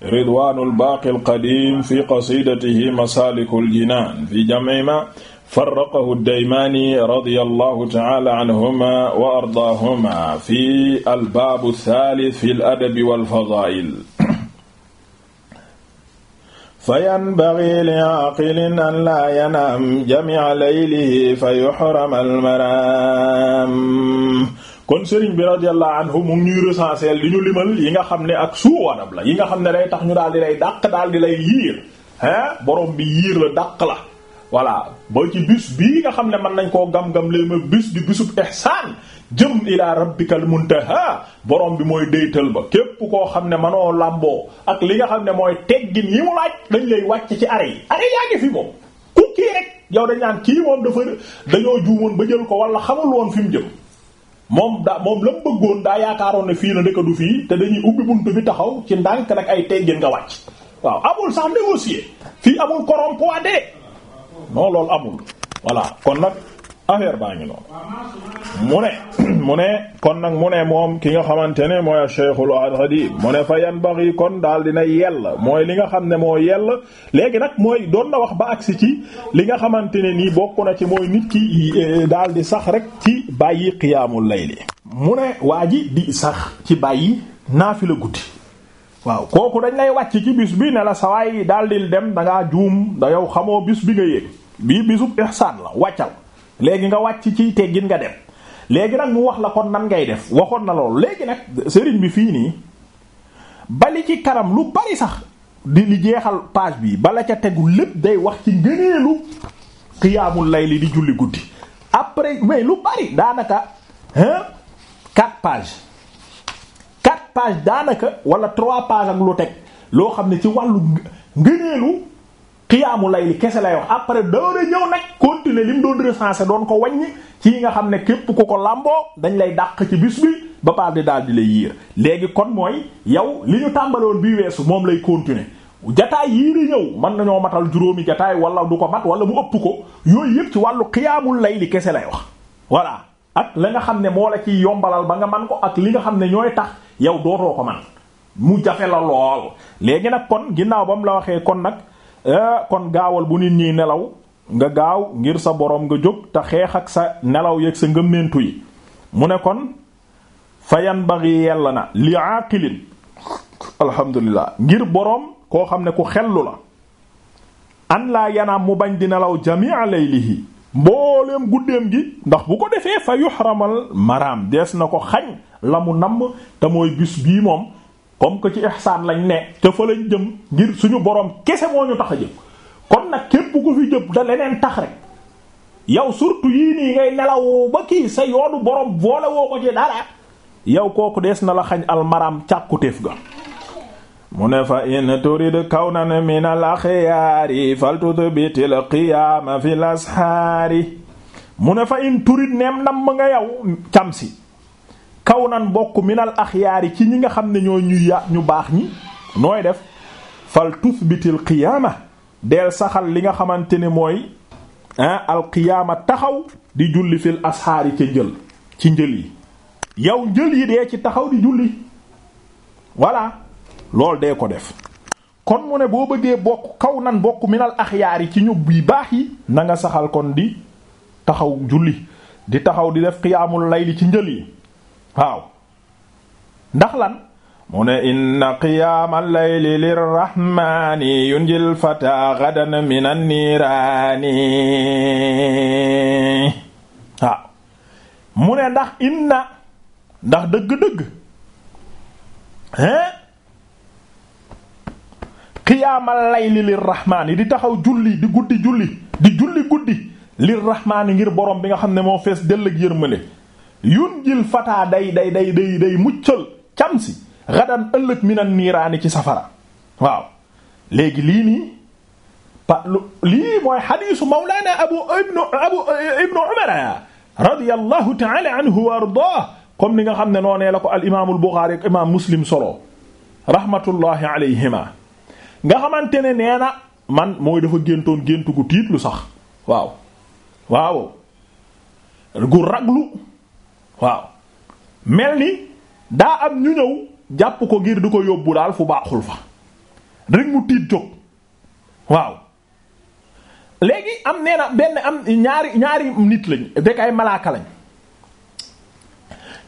ridwanu lbaaqi alqadim fi qasidatihi masaliku aljinan fi jam'i ma farraqahu daymaani radi allahu taala anhuma wa ardaahuma fi albaabu thalith fi ladabi walfadaa'il fa yanbaghi li'aaqilin an laa yanaam jami'a laylihi fa yuhrama almaraam kon sëriñ bi radiyallahu anhu mu ngi ñuy recenser li ñu limal yi nga xam ne ak suuwadab la yi nga xam ne day tax ñu daal di lay dàq daal di lay yiir hein borom bi yiir la dàq la voilà ba ci bis bii nga xam ne mën nañ koo gam-gam lay ma bis di bisub ihsaan jëm ilaa rabbikal muntaha borom bi mooy déytal ba képp koo xam ne manoo làmboo ak li nga xam ne mooy teggin yi mu laaj dañ lay wàcc ci are yi are yaa ngi fi moom ku kii rek yow dañ naan kii moom dafa dañoo juumoon ba jël ko wala xamul woon fi mu jëm moom daa moom la mu bëggoon daa yaakaaroon ne fii la ndeka du fii te dañuy ubbi buntu bi taxaw ci ndànk nag ay teggin nga wàcc waaw amul sax négocier fii amul corrompre de non loolu amul voilà kon nag affaire baa ngi noonu mu ne mu ne kon nag mu ne moom ki nga xamante ne mooy Cheikhul Xadiim mu ne fa yan bax yi kon daal dina yell mooy li nga xam ne moo yell léegi nag mooy doon na wax ba agsi ci li nga xamante ne nii bokk na ci mooy nit ki eh, daal di sax rek ci bàyyi lay layli mu ne waa ji di sax ci bàyyi naafila guddi waaw kooku dañ lay wàcc ci bis bi ne la sawaay daal di dem danga ngaa juum da yow xamoo bis bi nga yéeg bii bisub ihsaan la wàccal léegi nga wàcc ciy teggin nga dem léegi nag mu wax la kon nan ngay def waxoon na loolu léegi nag sëriñ bi fii nii bali ci kanam lu bari sax di li jeexal page bi bala ca tegu lépp day wax ci ngëneelu xiyaamul lay li di julli guddi après mais lu bari daanaka hein quatre pages quatre pages daanaka wala trois pages ak lu teg loo xam ne ci wàllu ngëneelu xiyaamu lay li kese lay wax après doore ñëw nag continuer li mu doon recensé doon ko wàññi ci yi nga xam ne képp ku ko lamboo dañ lay dàq ci bis bi ba pare di daal di lay yiir léegi kon mooy yow li ñu tàmbaloon bii weesu moom lay continuer jataay yii ñëw mën nañoo matal juróomi jataay wala du ko mat wala mu ëpp ko yooyu yëpp ci wàllu xiyaamul lay li kese lay wax voilà ak la nga xam ne moo la ciy yombalal ba nga man ko ak li nga xam ne ñooy tax yow dootoo ko man mu jafe la lool léegi nag kon ginnaaw ba la waxee kon nag Eh, kon gaawal bu nit ñiy nelaw nga gaaw ngir sa boroom nga jóg te xeex ak sa nelaw yeeg sa ngëmmentu yi mu ne kon fayan baxi yell na li aqilin alhamdulilah ngir boroom koo xam ne ku xellu la an laa yanaam mu bañ di nelaw jamia laylihi mbooleem guddeem gi ndax bu ko defee fa yuxramal maraam dees na ko xañ la mu namm te mooy bis bii moom comme que ci ihsaan lañu ne te jëm ngir suñu borom kese moo ñu tax a jëm kon nag képp ku fi jëm da leneen tax rek yow surtout yii nii ngay nelaw ba kii sa yoonu borom boole woo ko ci dara yow kooku des na la xañ almaram càkkutéef ga mu ne fa in turid kawnan min al axyaari faltutbitil qiyaama fi l mu ne fa in turid neem nam nga yow camsi kaw nan bokk minal axyaari ci ñi nga xam ne ñoo ñu ya ñu baax ñi nooy def fal tusbitil qiyaama deel saxal li nga xamante ne mooy ah alqiyaama taxaw di julli fil asxaari ca njël ci njël yi yow jël yi dee ci taxaw di julli voilà loolu dee ko def kon mu ne boo bëggee bokk kaw nan bokk minal axyaar yi ci ñu yi baax yi nanga nga saxal kon di taxaw julli di taxaw di def qiyaamul layli ci njël yi waaw ndax lan mu ne inna qiyaama layli lirrahmaani yunjil fata gadan minan niiraani waaw mu ne ndax inna ndax dëgg-dëgg hein qiyaamal layli lirrahmaani di taxaw julli di guddi julli di julli guddi lirrahmaani ngir borom bi nga xam ne moo fees dell ak yërmande yunjil fataa day day day day day muccal cam gadan ëllëg minan niiraani ci safara waaw léegi lii nii pa mooy xadiisu mawlaana abu ibnu abu ibnu umar radiyallahu ta'ala anhu wa ardaah ni nga xam ne noonee la ko al imaamul buxaari ak imaam muslim solo rahmatullahi alayhima nga xamante ne nee na man mooy dafa géntoon géntu gu tiitlu sax waaw waaw gu raglu waaw mel ni daa am ñu ñëw jàpp ko ngir di ko yóbbu daal fu baaxul fa rek mu tiit jóg waaw léegi am nee benn am ñaari ñaari nit lañ dekk ay malaaka lañ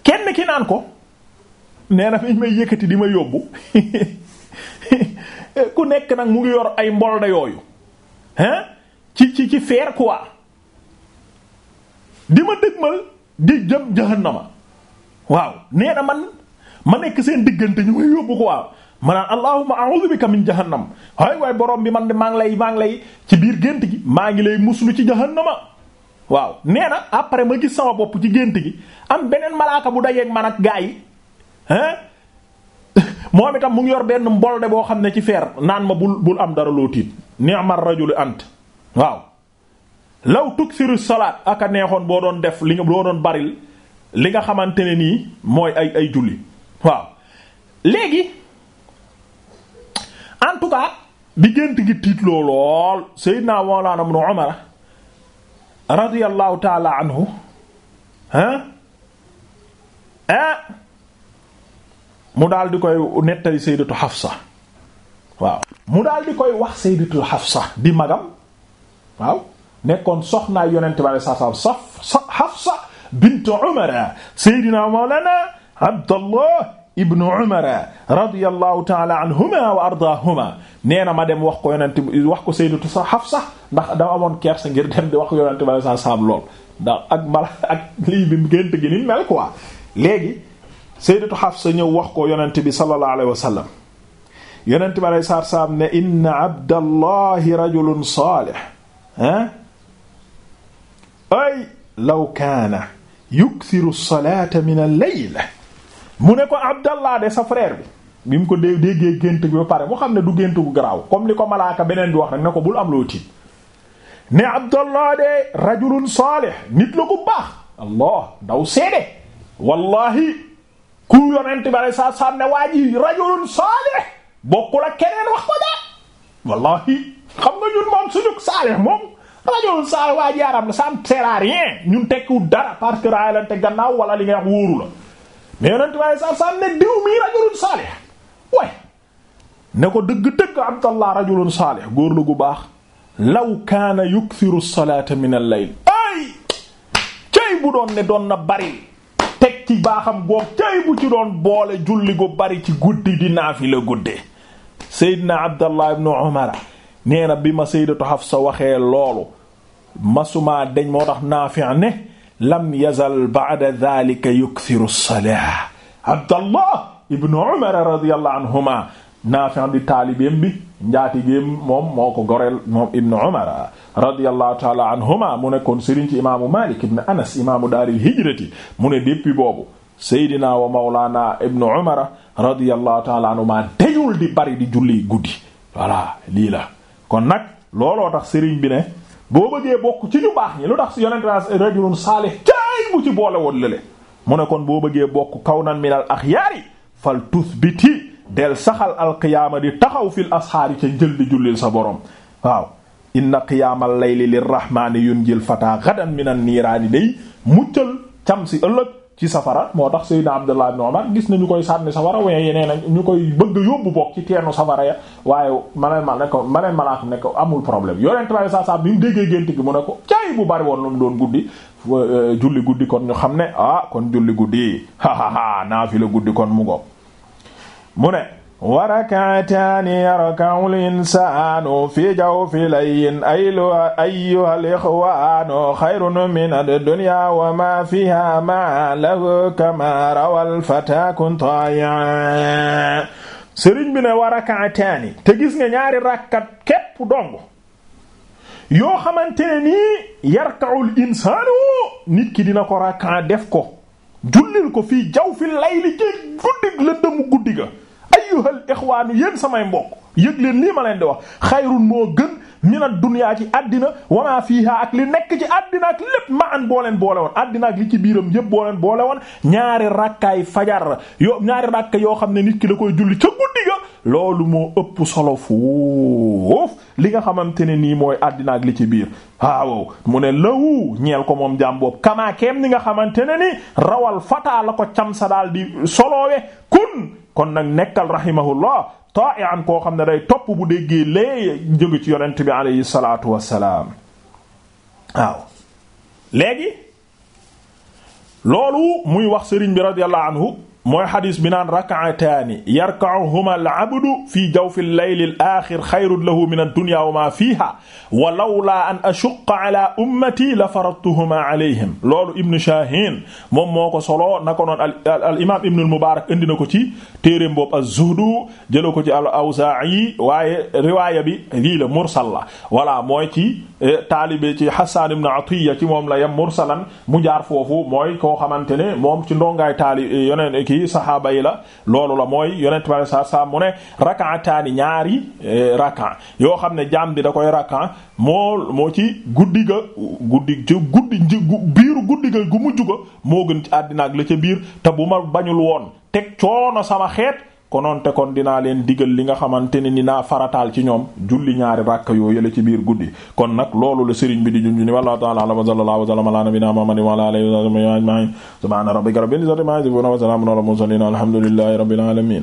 kenn ki naan ko nee bi may yëkkati di ma yóbbu ku nekk nag mu ngi yor ay mbol yooyu hein ci ci ci feer quoi di ma dëgmal di jëm jahannama waaw nee na man ma nekk seen diggante ñu may yóbbu ko waaw ma naan allahumma a'udhu bika min waay waay borom bi man de maa ngi lay maa lay ci biir gént gi maa ngi lay muslu ci jahannama waaw nee na après ma gis sama bopp ci gént gi am beneen malaaka bu dajeeg man ak gaa yi hein moom itam mu ngi yor benn mbolde boo xam ne ci feer naan ma bul bul am dara loo tiit ni'mar rajulu ant waaw law tuksiru salaat ak a neexoon boo doon def li nga doon baril li nga xamante ne nii mooy ay ay julli waaw léegi en tout cas bi gént gi tiitloo lool Seydina Mawlana Ibn Umar radiyallahu taala anhu ah mu daal di koy nettali Sayyidatu Hafsa waaw mu daal di koy wax Sayyidatu Hafsa di magam waaw nekkoon soxnaay yonente bi saa saam saf Hafsa bint Umar Seydina Mawlana Abdallah ibn Umar radiyallahu ta'ala anhuma wa ardaahuma nee na ma dem wax ko yonente wax ko Sayyidatu Hafsa ndax dama amoon kersa ngir dem di wax ko yonente bi saa saam lool ndax ak mala ak lii bi gént gi ni mel quoi léegi Sayyidatu Hafsa ñëw wax ko yonente bi sallallahu alayhi wa sallam yonente bi saa saam ne inna Abdallahi rajulun salih ah ay law kaana yuksiru salaata min al-layl mu ne ko abdallah de sa frère bi mu ko dé déggee gént bi ba pare mu xam ne du gént bu garaaw comme li ko malaaka beneen bi wax nag ne ko bul am loo tiit ne abdallah de rajulun saalih nit la ku baax allah daw seede wallahi ku yonent bi alei saatu salaam ne waa ji saalih bokkul keneen wax ko de wallahi xam nga ñun moom suñu saalih moom rajul saa waa ji arab la ça ne sert ñun tekkiwul dara parce te gannaaw wala li nga wax wóoru la mais yonent bi alei ne diw mii rajulun saalih way ne ko dëgg-dëgg abdallah rajulun saalih góor la gu baax law kaana yukthiru salata min al ay cay bu doon ne doon bari teg ci baaxam goog cay bu ci doon boole julli gu bari ci guddi di naafi la guddee Seydina Abdallah ibn Umar nee na bi ma Sayyidatu Hafsa waxee loolu masumaa deñ moo tax Naafi' ne lam yazal ba'da dhalika yukthiru salaa Abdallah ibn Umar radiyallahu anhuma Naafi' di taalibeem moom moo ko goreel ibn Umar radiyallahu taala anhuma mu nekkoon sëriñ ci imaamu Malik ibn Anas imaamu daaril hijrati mu ne depuis boobu Seydina wa Mawlana ibn Umar radiyallahu taala di bari di julli guddi voilà lii la kon nag looloo tax sëriñ bi ne boo bëggee bokk ci ñu baax ñi lu tax yonent rajulun saalih tay mu ci boole woon lële mu ne kon boo bëggee bokk kawnan minal axyaari fal tusbiti del saxal alqiyaama di taxaw fil asxaari ca njël di jullil sa borom waaw inna qiyaamal layli lirrahmaani yunjil fataa gadan minan niiraani day muccal cam si ëllëg ci safara moo tax Seydina Abdullah ibn Umar gis nañu koy sànni safara waaye yeneen nañ ñu koy bëgg a yóbbu bokk ci teenu safara ya waaye maneen ma ne ko maneen malaat ne ko amul problème yonent bale saa saa bi mu déggee gént gi mu ne ko caay bu bari woon lu mu doon guddi euh, julli guddi kon ñu xam ne ah kon julli guddi yi naa fi la guddi kon mu ngo mu ne wa rak'ataani yarka'ul insaanu fi jawfi layyin ayyuhal ixwaanu xayrun min ad wa maa fiihaa ma'a lahu kamaa rawal fataa kuntaayaa sëriñ bi ne wa rak'ataani te gis nga ñaari rakkat képp yoo xamante ne nii yarka'ul insaanu ki dina ko rak'a def ko jullil ko fii jawfi layli ci guddig la dëmu guddiga ayyuhal ixwaanu yéen samay mbokk yëg leen lii ma leen di wax xayrun moo gën mina dunyaa ci àddina wa maa fiihaa ak li nekk ci àddina ak lépp ma an boo leen boole woon àddina ak li ci biiram yépp boo leen boole woon ñaari rakkaay fajar yoo ñaari rakka yoo xam ne nit ki la koy julli ca guddi ga loolu moo ëpp solo foofu li nga xamante ne nii mooy àddina ak li ci biir waaw mu ne lawu ñeel ko moom jàam boobu kamaakeem ni nga xamante ne ni rawal fataa kon nag nekkal rahimahullah ta'i'an koo xam ne day topp bu déggee lee jóge ci yonent bi alayhi salaatu wassalaam waaw léegi loolu muy wax sëriñ bi radiyallahu anhu mooy xadis bi naan rak'ataani yarka'uhuma al-'abdu fii jawfi al-layli al-aaxir xayrun lahu mina ad wa maa fiihaa wa an ashukka alaa ummatii la faradtuhumaa alayhim loolu Ibn Shaahin moom moo ko solo na ko noon Ibn al-Mubaarak indi na ko ci téereem boobu az-Zuhdu jëla ko ci al-Awzaa'i waaye riwaaya bi lii la mursal mooy ci eh, taalibe ci Hassaan ibn Atiyya ci moom la yem mursalan mu jaar foofu mooy ko xamante ne moom ci ndongaay taali eh, yoneen ki lii saxaaba yi la loolu la mooy yonent bi saa saa mu ne rakaataani ñaari eh, rakan yoo xam ne jaam bi da koy rakan moo moo ci guddi ga guddi ci guddi biiru guddi ga gu mujj ga moo gën ci àddina ak la ca biir te bu ma bañul woon teg coono sama xeet kononte kon dinaa leen digal li nga xamante ne ni naa farataal ci ñoom julli ñaari ràkk yoo la ci biir guddi kon nag loolu la sëriñ bi di junju ni wallahu ta'ala a'lam wa sallallahu wa sallama ala nabiyyina muhammadin wa ala alihi wa sahbihi ajma'in subhana rabbika rabbil izzati amma yasifun wa salamun ala mursalin alhamdulillahi rabbil alamin